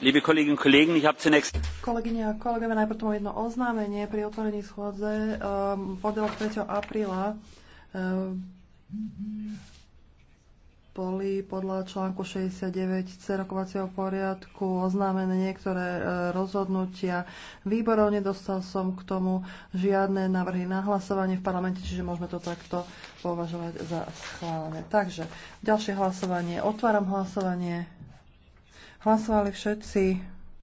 Liebe Kolleginnen und Kollegen, ich habe zunächst... Kolegyne a kolegovia, najprv tu mám jedno oznámenie. Pri otvorení schôdze um, pondelok 3. apríla um, boli podľa článku 69 C rokovacieho poriadku oznámené niektoré uh, rozhodnutia výborov. Nedostal som k tomu žiadne návrhy na hlasovanie v parlamente, čiže môžeme to takto považovať za schválené. Takže ďalšie hlasovanie. Otváram hlasovanie. Hlasovali všetci